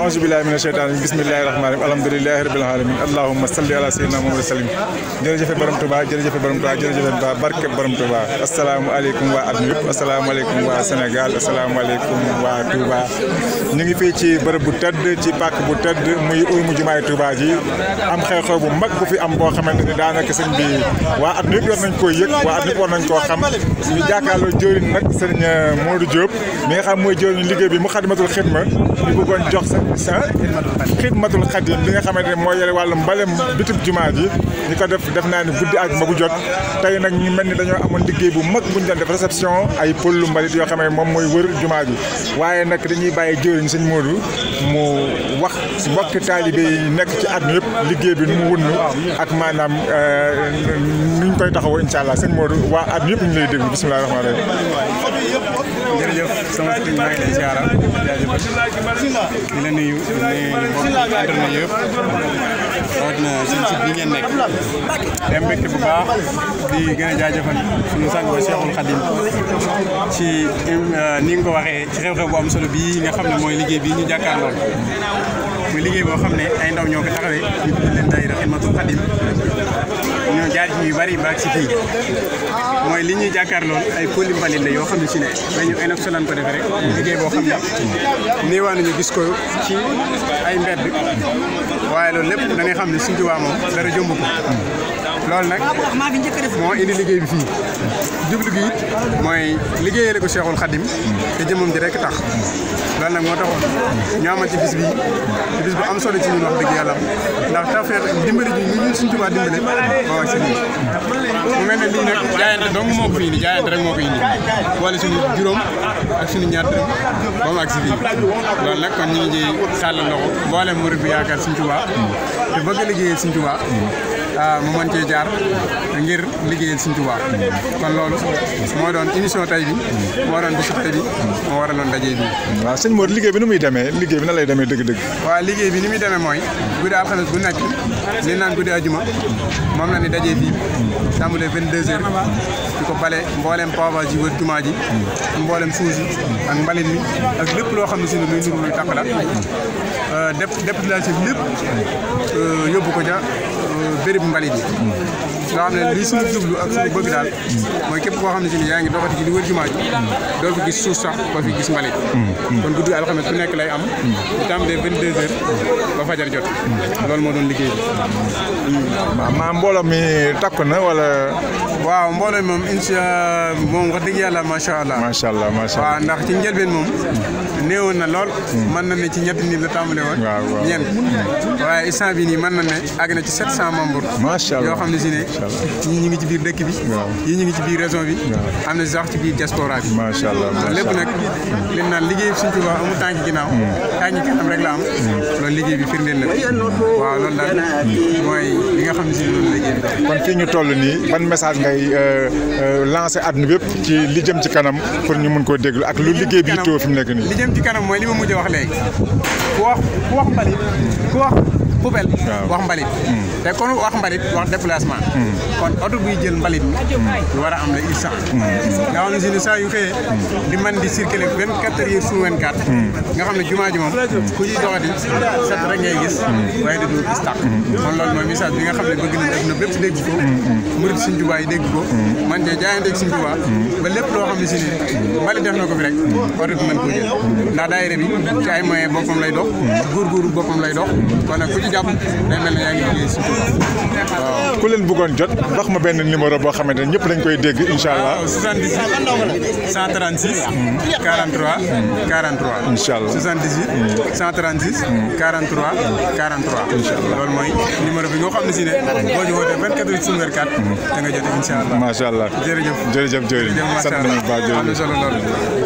أعوذ بالله من الشيطان بسم الله الرحمن الرحيم الحمد لله رب العالمين اللهم صل على سيدنا محمد وسلم جرجف برم توبا جرجف برم توبا جرجف بركة برم توبا السلام عليكم وعدم يوب السلام عليكم وسنغال السلام عليكم وتوبا نيجي في تي برب تد تي باك بوتد موي اول مجمع توبا جي ام خي خو بو ماك بو في ام بو خامتني دا نك سيرن بي وعدم يوب نان كو ييك وعدم يوب نان كو خام ني جاكالو جوري نك سيرن مودو جوب مي خام موي جوري ليغي بي مخدمه الخدمه ni euh, bëggoon jox sax sa xidmatul xadim li nga xamante ne mooy yore wàllu mbale bitib jumaa ji ñi ko def def naa ni guddi ak ba gu jot tey nag ñu mel ni dañoo amoon liggéey bu mag buñ doon def réception ay pëllu mbalit yoo xam ne moom mooy wër jumaa ji waaye nag dañuy bàyyi jëriñ sëñ Modou mu wax mbokki taalibe yi nekk ci at mi yëpp liggéey bi nu mu wunn ak maanaam euh, nuñ koy taxawoo incha allah sëñ Modou waa at mi ñu lay déglu bisimilah rahmaani rahim di la nuyu di nuyu mbokk internet yëpp rawatina si site bi ngeen nekk di am mbégte bu baax di gën a jaajëfal suñu sang ba Cheikhul Khadim ci euh, ni nga ko waxee ci xew-xew bu am solo bii nga xam ne mooy liggéey bii ñu jàkkaarlool. muy liggéey boo xam ne ay ndaw ñoo ko taxawee ñu tudd leen daayira Xidmatul Xadim ñoo jaar ci yu bari baag si fii mooy li ñuy jàkkaar lool ay pôles mbalit la yoo xam ne si ne dañu inox lañ ko defee rek liggéey boo xam ne néewaa nañu gis ko ci ay mbedd waaye loolu lépp da ngay xam ne si Tuubaa moom dara jomb ko loolu nag moo indi liggéey bi fii jublu gi it mooy liggéeyale ko Cheikhul Khadim te jëmam ji rek tax loolu nag moo taxoon ñu ci bis bi ci bis bu am solo ci ñun wax dëgg yàlla ndax tawfeex dimbali ji ñu ñun suñ Tuubaa dimbale moo wax si nii moo ko fi juróom ak suñu ñaar dërëm ba mu ak si fii loolu nag kon ñu ji sàll loxo mboolem murid bi yaakaar suñ Tuubaa te bëgg liggéeyee suñ Tuubaa mu mën cee jaar ngir liggéeyal Sëriñ Tuubaa kon loolu moo doon émission tay bi moo doon bésu tay bi moo waraloon daje bi waaw sëñ Mor liggéey bi nu muy demee liggéey bi na lay demee dëgg-dëgg waa liggéey bi ni muy demee mooy guddi alxames bu nekk li naan guddi ajuma moom na ni daje fii tàmbalee vingt deux heures di ko bale mbooleem pava ji wër jumaa ji mbooleem suuf si ak mbalit ak lépp loo xam ne si ne luy nuru luy taq la def def lépp yóbbu ko ca euh, béréb mbali yi nga xam ne li suñu jublu ak suñu bëgg daal mooy képp koo xam ne si ni yaa ngi doxati ci li wër jumaa ji doo fi gis suuf sax ba gis mbalit kon guddi alxames bu nekk lay am bu tàmbalee vingt deux ba fajar jot lool moo doon liggéey bi maa mbooloo mi takku na wala waaw mbooloo moom incha moom wax dëgg yàlla macha allah macha allah waaw ndax ci njëlbeen moom néewoon na lool hmm. mën na ne ci ñetti nii la tàmbale woon ñeent hmm. waaye instant bi nii mën na ne àgg na ci sept cent membres yoo xam ne si macha allah ñu ngi ci biir dëkk bi yii ñu ngi ci biir région bi am na sax ci biir diaspora bi macha allah lépp nag leen naan liggéey Sëñ Tuubaa ginnaaw hmm. tànk hmm. liggéey bi firndeel na waaw loolu daal mooy li nga xam ne si loolu liggéey bi kon fii ñu toll nii ban message ngay euh, euh, lancé àdduna bépp ci li jëm ci kanam pour ñu mën koo déglu ak lu liggéey bi yittoo fi mu nekk nii li jëm ci kanam mooy li ma mujj wax léegi ku wax ku wax mbalit ku wax poubelle wax mbalit hmm. te kon wax mbalit wax déplacement hmm. kon auto buy jël mbalit lu wara am la il nga hmm. xam yu di man di circuler 24 heures sur 24 nga xam ne jumaa ku ci doxati set rek ngay gis waaye da dul gis kon loolu mooy message bi nga xam bëgg nañ def na bépp dégg ko murid suñ jubaa yi dégg ko man de jaayante ak suñ jubaa ba lépp loo xam ne si mbalit def na fi rek auto bi jël daayira bi ci ay moyen lay dox lay dox kon ku ci jàpp day mel ne yaa ngi liggéey si Touba waaw ku leen bëggoon jot wax ma benn numéro boo xamante ne ñëpp dañ koy dégg incha allah. 78 136. 43 43. incha allah 78 136. 43 43. incha allah loolu mooy numéro bi nga xam ne si ne boo ñu wootee nga jot allah jërëjëf jërëjëf jërëjëf sant nañu baax solo loolu.